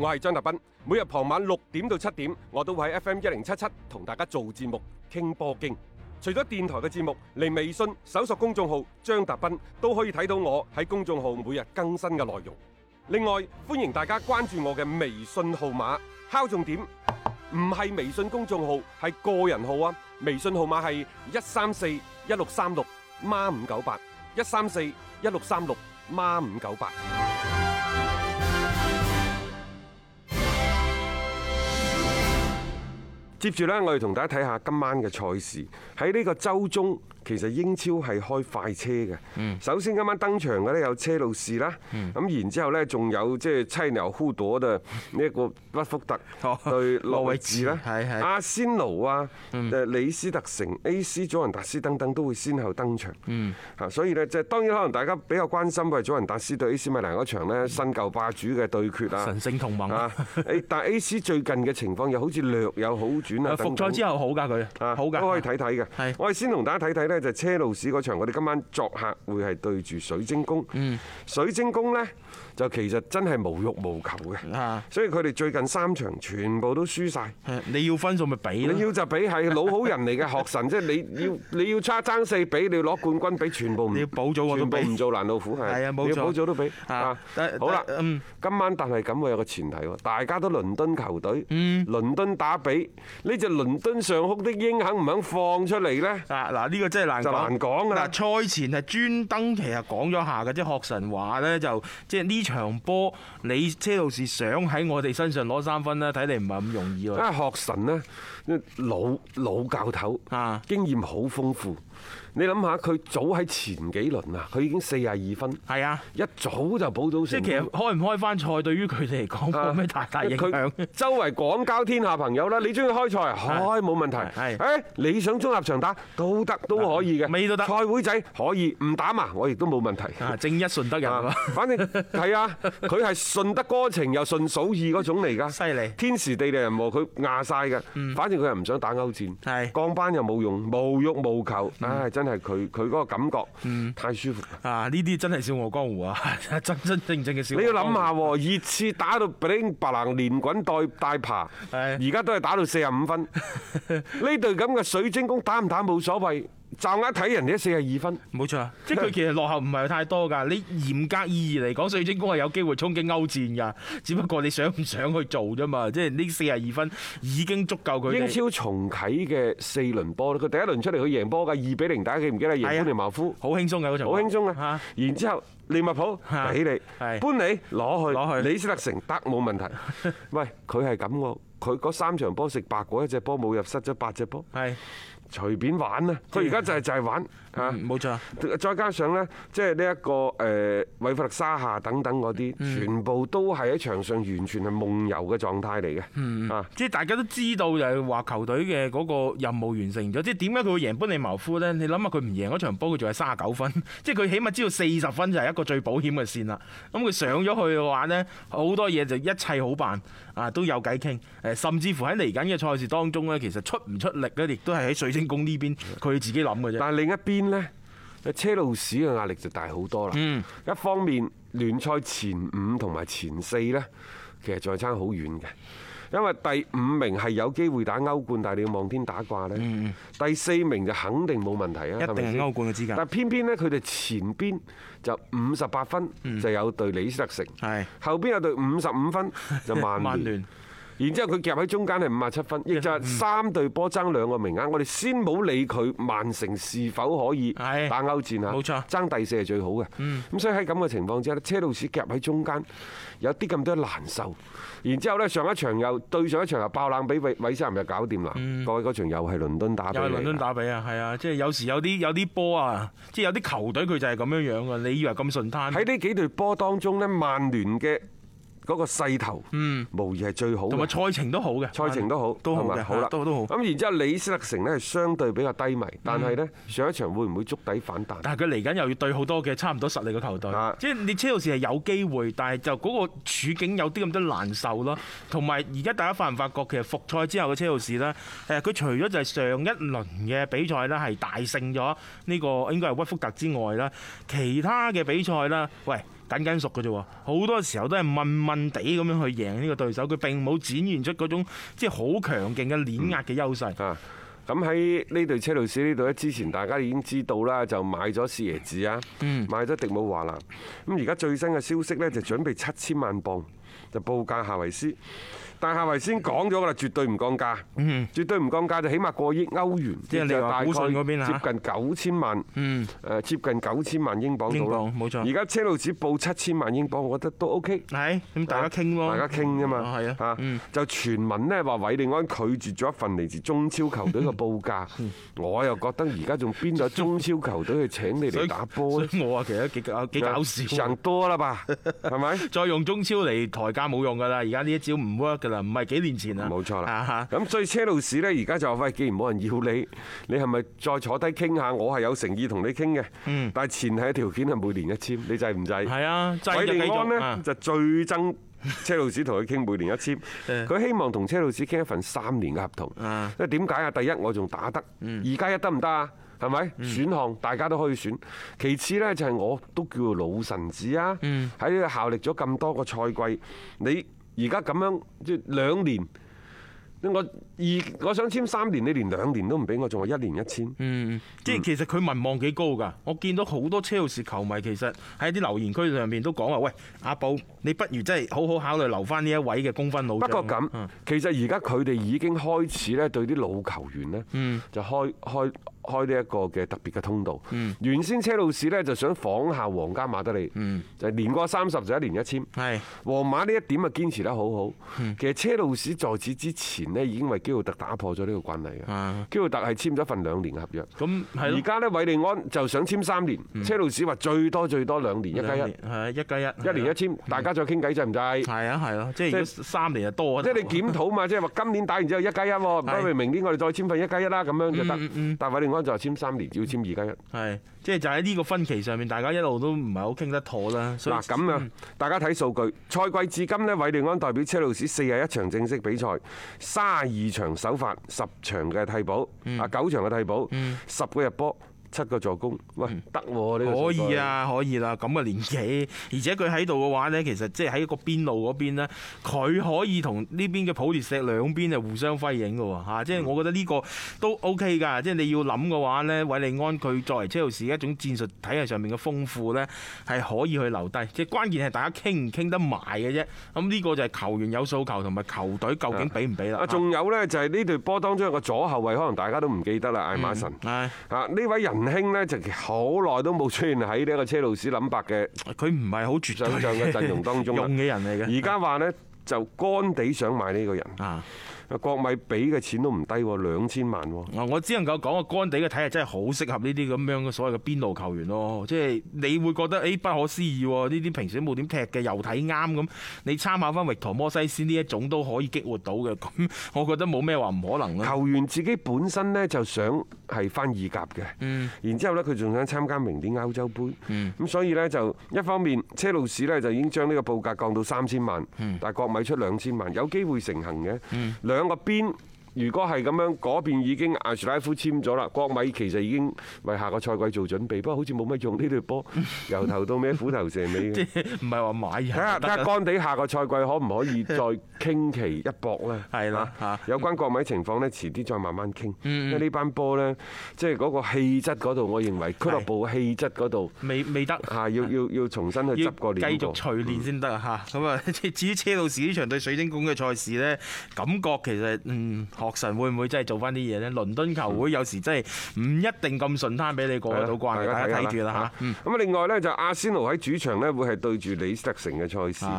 我係張達斌，每日傍晚六點到七點，我都會喺 FM 一零七七同大家做節目傾波經。除咗電台嘅節目，嚟微信搜索公眾號張達斌都可以睇到我喺公眾號每日更新嘅內容。另外，歡迎大家關注我嘅微信號碼，敲重點，唔係微信公眾號，係個人號啊！微信號碼係一三四一六三六孖五九八一三四一六三六孖五九八。接住咧，我哋同大家睇下今晚嘅賽事，喺呢個周中。其實英超係開快車嘅。首先今晚登場嘅呢有車路士啦，咁然之後呢，仲有即係犀牛庫朵對呢個屈福特對羅維治啦，阿仙奴啊，李斯特城、嗯、A.C. 祖雲達斯等等都會先後登場、嗯。所以呢，即係當然可能大家比較關心嘅係祖雲達斯對 A.C. 米蘭嗰場咧，新舊霸主嘅對決啊，神聖同盟啊。誒，但 A.C. 最近嘅情況又好似略有好轉啊。復賽之後好㗎佢，好㗎，都可以睇睇嘅。我哋先同大家睇睇呢。就係車路士嗰場，我哋今晚作客會係對住水晶宮，嗯，水晶宮咧。就其實真係無欲無求嘅，所以佢哋最近三場全部都輸晒。你要分數咪俾你要就俾係老好人嚟嘅學神，即係你要你要差爭四比，你要攞冠軍俾全部唔要保組全部唔做攔路虎。係。係啊要，冇錯。要保組都俾好啦，今、嗯、晚但係咁喎，有個前提喎，大家都倫敦球隊，嗯、倫敦打比呢隻倫敦上空的鷹肯唔肯放出嚟咧？嗱，呢、呢個真係難就難講啦。賽前係專登其實講咗下嘅，即係學神話咧就即係。就是呢場波，你車路士想喺我哋身上攞三分咧，睇嚟唔係咁容易，因為，學神呢，老老教頭，啊，經驗好豐富。你諗下，佢早喺前幾輪啊，佢已經四十二分。係啊，一早就補到成。即係其實開唔開翻賽，對於佢哋嚟講冇咩太大影響。佢周圍廣交天下朋友啦，你中意開賽，開冇問題。係，誒，你想綜合場打都得，都可以嘅，咩都得。賽會仔可以，唔打嘛，我亦都冇問題。正一順德人，反正。係啊，佢係順得哥情又順嫂意嗰種嚟噶，犀利。天時地利人和，佢壓晒嘅。反正佢又唔想打歐戰，係降班又冇用，無欲無求。唉，真係佢佢嗰個感覺，嗯、太舒服。啊！呢啲真係笑傲江湖啊，真真正正嘅笑傲江湖。你要諗下，熱刺打到兵拔楞，連滾帶帶爬，而家都係打到四十五分。呢隊咁嘅水晶宮打唔打冇所謂。驟眼睇人哋四十二分，冇錯，即係佢其實落後唔係太多㗎。你嚴格意義嚟講，水晶宮係有機會衝擊歐戰㗎，只不過你想唔想去做啫嘛？即係呢四十二分已經足夠佢。英超重啟嘅四輪波，佢第一輪出嚟去贏波㗎，二比零，大家記唔記得，贏般尼茅夫好輕鬆嘅嗰場好輕鬆的啊！然之後利物浦俾你搬你攞去，攞去李斯特城得冇問題 他是這樣。喂，佢係咁喎，佢嗰三場波食白果，一隻波冇入室，失咗八隻波。係。隨便玩啊，佢而家就係就係玩。冇錯。再加上呢，即係呢一個誒，韋弗勒沙夏等等嗰啲，全部都係喺場上完全係夢遊嘅狀態嚟嘅。嗯。啊，即係大家都知道就係話球隊嘅嗰個任務完成咗。即係點解佢會贏般尼茅夫呢？你諗下佢唔贏嗰場波，佢仲係卅九分。即係佢起碼知道四十分就係一個最保險嘅線啦。咁佢上咗去嘅話呢，好多嘢就一切好辦。啊，都有偈傾。甚至乎喺嚟緊嘅賽事當中呢，其實出唔出力呢，亦都係喺水晶宮呢邊佢自己諗嘅啫。但係另一邊咧，車路士嘅壓力就大好多啦。一方面聯賽前五同埋前四呢，其實仲差好遠嘅，因為第五名係有機會打歐冠，但係你要望天打卦呢，第四名就肯定冇問題啊，一定係歐冠嘅資格。但偏偏呢，佢哋前邊就五十八分，就有隊李斯特城。係。後邊有隊五十五分就曼曼聯。然之後佢夾喺中間係五十七分，亦就係三隊波爭兩個名額。我哋先冇理佢曼城是否可以打歐戰啊！冇錯，爭第四係最好嘅。咁所以喺咁嘅情況之下，車路士夾喺中間有啲咁多難受。然之後呢，上一場又對上一場又爆冷俾韋韋斯咸，又搞掂啦。嗯、各位嗰場又係倫，倫敦打比。又倫敦打比啊！係啊，即係有時有啲有啲波啊，即係有啲球隊佢就係咁樣樣嘅。你以為咁順攤？喺呢幾對波當中呢，曼聯嘅。嗰、那個勢頭，無疑係最好的、嗯，同埋賽程都好嘅，賽程都好，都好嘅，好啦，都好。咁然之後，李斯特城呢係相對比較低迷，但係呢上一場會唔會觸底反彈、嗯？但係佢嚟緊又要對好多嘅差唔多實力嘅球隊，即係你車路士係有機會，但係就嗰個處境有啲咁多難受咯。同埋而家大家發唔發覺，其實復賽之後嘅車路士呢，誒佢除咗就係上一輪嘅比賽呢係大勝咗呢個應該係屈福特之外啦，其他嘅比賽啦，喂。等緊熟嘅啫，好多時候都係問問地咁樣去贏呢個對手，佢並冇展現出嗰種即係好強勁嘅碾壓嘅優勢、嗯。咁喺呢對車路士呢度呢，之前大家已經知道啦，就買咗四爺子啊，買咗迪姆華納。咁而家最新嘅消息呢，就準備七千萬磅就報價夏維斯。但係夏維先講咗噶啦，絕對唔降價，絕對唔降價，就起碼過億歐元，即係你話股賽嗰邊啊？接近九千萬，誒，接近九千萬英鎊到，冇錯。而家車路士報七千萬英鎊，我覺得都 OK。係，咁大家傾咯，大家傾啫嘛，嚇，就傳聞咧話韋利安拒絕咗一份嚟自中超球隊嘅報價。我又覺得而家仲邊有中超球隊去請你嚟打波咧？我話其實幾搞幾搞笑，人多啦吧？係咪？再用中超嚟抬價冇用㗎啦！而家呢一招唔 work。唔係幾年前啦，冇錯啦。咁所以車路士呢，而家就話：喂，既然冇人要你，你係咪再坐低傾下談談？我係有誠意同你傾嘅。但係前提條件係每年一簽，你制唔制？係啊，制嘅。繼續啊。韋利安呢就最憎車路士同佢傾每年一簽。佢希望同車路士傾一份三年嘅合同。啊。即係點解啊？第一，我仲打得。二加一得唔得啊？係咪選項，大家都可以選。其次呢，就係我都叫做老臣子啊。喺呢度效力咗咁多個賽季，你。而家咁樣即係兩年，我二我想簽三年，你連兩年都唔俾我，仲話一年一簽。嗯，即係其實佢民望幾高㗎。我見到好多車路士球迷其實喺啲留言區上面都講話：喂，阿寶，你不如真係好好考慮留返呢一位嘅功勳老將。不過咁，其實而家佢哋已經開始咧對啲老球員呢，就開開。開呢一個嘅特別嘅通道、嗯。原先車路士呢就想仿效皇家馬德里、嗯，就係年過三十就一年一簽。皇馬呢一點咪堅持得好好。其實車路士在此之前呢已經為基奧特打破咗呢個慣例嘅。基奧特係簽咗份兩年嘅合約。咁而家呢，韋利安就想簽三年。車路士話最多最多兩年一加一。一加一，一年一簽，大家再傾計制唔制？係啊係啊，即係三年就多、就是。即、就、係、是、你檢討嘛，即係話今年打完之後一加一，唔該你明年我哋再簽一份一加一啦，咁樣就得、嗯嗯嗯。但係韋利安，就係簽三年，只要簽二加一。係，即係就喺、是、呢個分歧上面，大家一路都唔係好傾得妥啦。嗱，咁樣大家睇數據，賽季至今呢，韋利安代表車路士四十一場正式比賽，卅二場首發，十場嘅替補，啊九場嘅替補，十個入波。嗯嗯七個助攻，喂，唔得喎呢個可以啊，可以啦、啊，咁嘅、啊、年紀，而且佢喺度嘅話咧，其實即係喺個邊路嗰邊咧，佢可以同呢邊嘅普列石兩邊就互相輝映嘅喎，嚇，即係我覺得呢個都 OK 噶，即、就、係、是、你要諗嘅話咧，韋利安佢作為車路士一種戰術體系上面嘅豐富咧，係可以去留低，即係關鍵係大家傾唔傾得埋嘅啫，咁呢個就係球員有訴求同埋球隊究竟俾唔俾啦。啊、嗯，仲有咧就係呢隊波當中有個左後衛可能大家都唔記得啦，艾馬臣，係、嗯嗯、啊呢位人。文輕呢就好耐都冇出現喺呢個車路士林伯嘅，佢唔係好絕對嘅陣容當中嘅。而家話呢，就干地想買呢個人。啊，國米俾嘅錢都唔低喎，兩千萬。我只能夠講啊，乾地嘅體系真係好適合呢啲咁樣嘅所謂嘅邊路球員咯。即係你會覺得誒不可思議喎，呢啲平時都冇點踢嘅又睇啱咁。你參考翻域陀摩西斯呢一種都可以激活到嘅，咁我覺得冇咩話唔可能。球員自己本身呢，就想係翻意甲嘅，然之後呢，佢仲想參加明年嘅歐洲杯。嗯，咁所以呢，就一方面車路士呢就已經將呢個報價降到三千萬，但係國米出兩千萬，有機會成行嘅，兩個邊。如果係咁樣，嗰邊已經艾殊拉夫簽咗啦。國米其實已經為下個賽季做準備，不過好似冇乜用呢隊波，由頭到尾虎頭蛇尾嘅。唔係話買人，睇下睇下，干地下個賽季可唔可以再傾其一搏呢？係啦，有關國米情況呢，遲啲再慢慢傾。因為呢班波呢，即係嗰個氣質嗰度，我認為俱樂部氣質嗰度未未得要要要重新去執過練，繼續錘練先得吓，嚇。咁啊，至於車路士呢場對水晶宮嘅賽事呢，感覺其實嗯。學神會唔會真係做翻啲嘢呢？倫敦球會有時真係唔一定咁順攤俾你過到關，大家睇住啦吓！咁另外呢，就阿仙奴喺主場呢，會係對住李斯特城嘅賽事，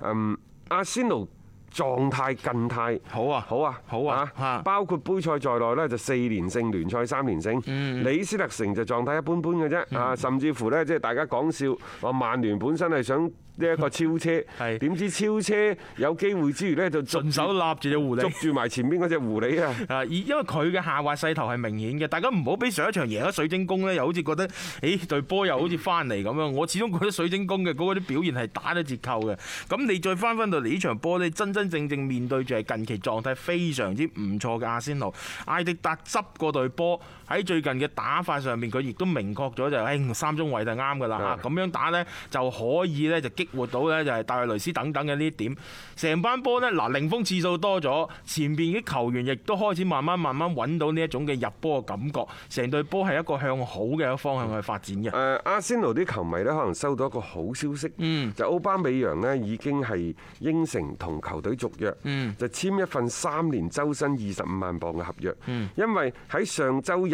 嗯，阿仙奴。狀態近態好啊，好啊，好啊，包括杯賽在內呢就四連勝聯賽三連勝。嗯、李斯特城就狀態一般般嘅啫，啊、嗯，甚至乎呢，即係大家講笑話，曼聯本身係想呢一個超車，係點知超車有機會之餘呢，就順手攬住隻狐狸，捉住埋前面嗰隻狐狸啊！ 因為佢嘅下滑勢頭係明顯嘅，大家唔好俾上一場贏咗水晶宮呢，又好似覺得，誒隊波又好似翻嚟咁樣。我始終覺得水晶宮嘅嗰個啲表現係打咗折扣嘅，咁你再翻翻到嚟呢場波咧，你真真。正正面對住近期狀態非常之唔錯嘅阿仙奴，艾迪達執過對波。喺最近嘅打法上面，佢亦都明確咗就誒三中衛就啱噶啦嚇，咁樣打咧就可以咧就激活到咧就係戴維雷,雷斯等等嘅呢一點成班波咧嗱零封次數多咗，前邊啲球員亦都開始慢慢慢慢揾到呢一種嘅入波嘅感覺成隊波係一個向好嘅方向去發展嘅。誒，阿仙奴啲球迷咧可能收到一個好消息，就歐巴美揚咧已經係應承同球隊續約，就簽一份三年周薪二十五萬磅嘅合約，因為喺上週日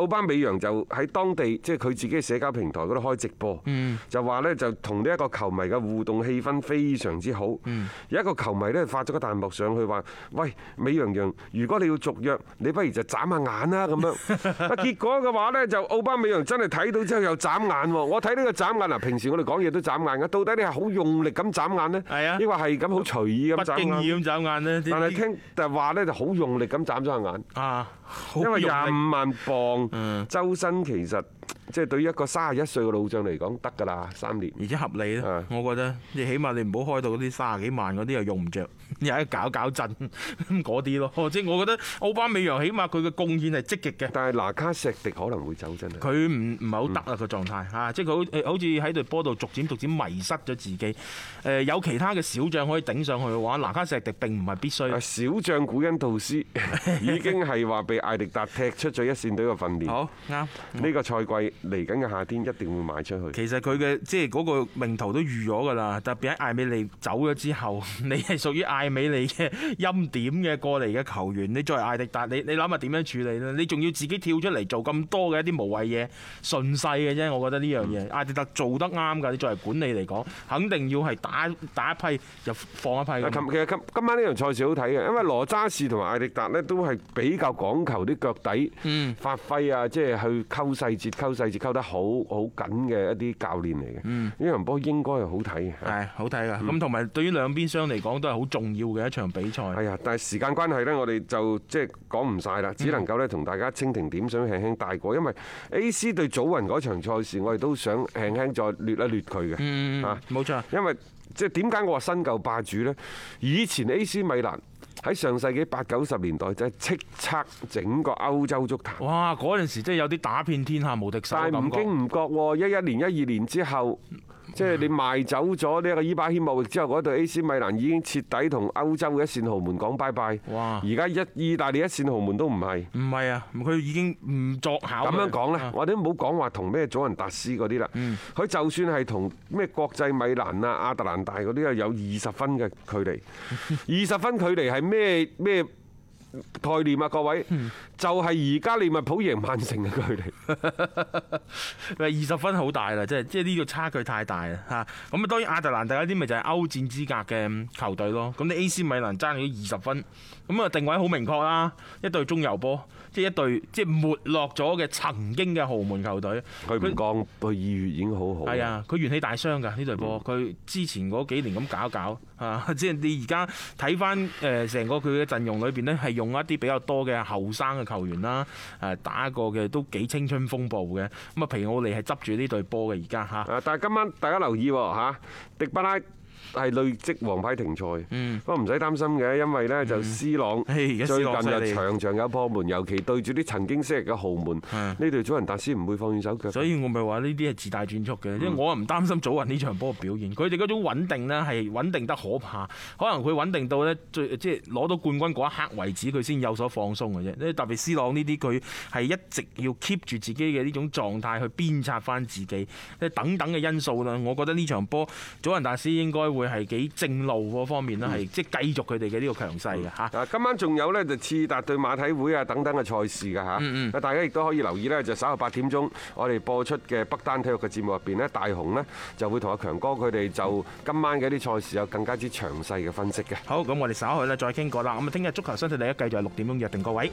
奧巴美揚就喺當地，即係佢自己嘅社交平台嗰度開直播，就話呢就同呢一個球迷嘅互動氣氛非常之好。有一個球迷呢，發咗個彈幕上去話：喂，美羊羊，如果你要續約，你不如就眨下眼啦咁樣。啊，結果嘅話呢，就奧巴美揚真係睇到之後又眨眼喎。我睇呢個眨眼嗱，平時我哋講嘢都眨眼㗎，到底你係好用力咁眨眼呢？係啊。抑或係咁好隨意咁？不經意咁眨眼呢？但係聽，但係話呢，就好用力咁眨咗下眼。啊，因為廿五萬磅。嗯，周身其實。即係對於一個三十一歲嘅老將嚟講，得㗎啦，三年，而且合理咧，我覺得，你起碼你唔好開到嗰啲三十幾萬嗰啲又用唔著，又喺度搞搞震嗰啲咯。即係我覺得奧巴美揚起碼佢嘅貢獻係積極嘅。但係拿卡錫迪可能會走真係。佢唔唔係好得啊個狀態嚇，即係佢好似喺對波度逐漸逐漸迷失咗自己。誒有其他嘅小將可以頂上去嘅話，拿卡錫迪並唔係必須。小將古恩圖斯已經係話被艾迪達踢出咗一線隊嘅訓練。好啱呢個賽季。嚟緊嘅夏天一定會賣出去。其實佢嘅即係嗰個命途都預咗㗎啦，特別喺艾美利走咗之後，你係屬於艾美利嘅欽點嘅過嚟嘅球員，你作為艾迪達，你你諗下點樣處理咧？你仲要自己跳出嚟做咁多嘅一啲無謂嘢，順勢嘅啫。我覺得呢樣嘢，艾迪達做得啱㗎。你作為管理嚟講，肯定要係打打一批就放一批。其實今晚呢場賽事好睇嘅，因為羅渣士同埋艾迪達呢都係比較講求啲腳底發揮啊，即係去溝細節、溝細。結交得很緊的一好好緊嘅一啲教練嚟嘅，呢場波應該係好睇嘅。係好睇噶。咁同埋對於兩邊雙嚟講都係好重要嘅一場比賽。係啊，但係時間關係呢，我哋就即係講唔晒啦，只能夠呢同大家蜻蜓點水，輕輕帶過。因為 A.C. 對祖雲嗰場賽事，我哋都想輕輕再掠一掠佢嘅。啊，冇錯，因為即係點解我話新舊霸主呢？以前 A.C. 米蘭。喺上世紀八九十年代真係叱咤整個歐洲足壇。哇！嗰陣時真係有啲打遍天下無敵手嘅感覺。但唔經唔覺喎，一一年、一二年之後。即係你賣走咗呢一個伊巴謙莫域之後，嗰隊 AC 米蘭已經徹底同歐洲嘅一線豪門講拜拜。哇！而家一意大利一線豪門都唔係。唔係啊，佢已經唔作考。咁樣講咧，我哋都冇講話同咩祖雲達斯嗰啲啦。佢就算係同咩國際米蘭啊、亞特蘭大嗰啲啊，有二十分嘅距離。二十分距離係咩咩？概念啊，各位，嗯、就係而家利物浦贏曼城嘅距離，咪二十分好大啦，真係，即係呢個差距太大啦嚇。咁啊，當然亞特蘭大家啲咪就係歐戰資格嘅球隊咯。咁你 AC 米蘭爭咗二十分，咁啊定位好明確啦，一隊中游波，即係一隊即係沒落咗嘅曾經嘅豪門球隊他不。佢唔講，佢二月已經好好。係啊，佢元氣大傷㗎呢隊波，佢之前嗰幾年咁搞搞。啊！即係你而家睇翻誒成個佢嘅陣容裏面，呢係用一啲比較多嘅後生嘅球員啦，打過嘅都幾青春風暴嘅。咁啊，皮奧利係執住呢隊波嘅而家吓。但係今晚大家留意喎，迪巴拉。係累積黃牌停賽，嗯，不過唔使擔心嘅，因為咧就 C 朗最近就場、嗯、近有場，場有破門，尤其對住啲曾經昔日嘅豪門，呢隊祖雲達斯唔會放軟手腳。所以我咪話呢啲係自帶轉速嘅，因、嗯、為我又唔擔心祖雲呢場波嘅表現，佢哋嗰種穩定呢係穩定得可怕，可能佢穩定到呢，最即係攞到冠軍嗰一刻為止，佢先有所放鬆嘅啫。特別 C 朗呢啲，佢係一直要 keep 住自己嘅呢種狀態去鞭策翻自己，即等等嘅因素啦。我覺得呢場波祖雲達斯應該會。會係幾正路嗰方面咧，係即係繼續佢哋嘅呢個強勢嘅吓。啊，今晚仲有呢，就次達對馬體會啊等等嘅賽事嘅吓。大家亦都可以留意呢，就稍後八點鐘我哋播出嘅北單體育嘅節目入邊呢大雄呢，就會同阿強哥佢哋就今晚嘅一啲賽事有更加之詳細嘅分析嘅。好，咁我哋稍後咧再傾過啦。咁啊，聽日足球新勢力咧就續六點鐘約定各位。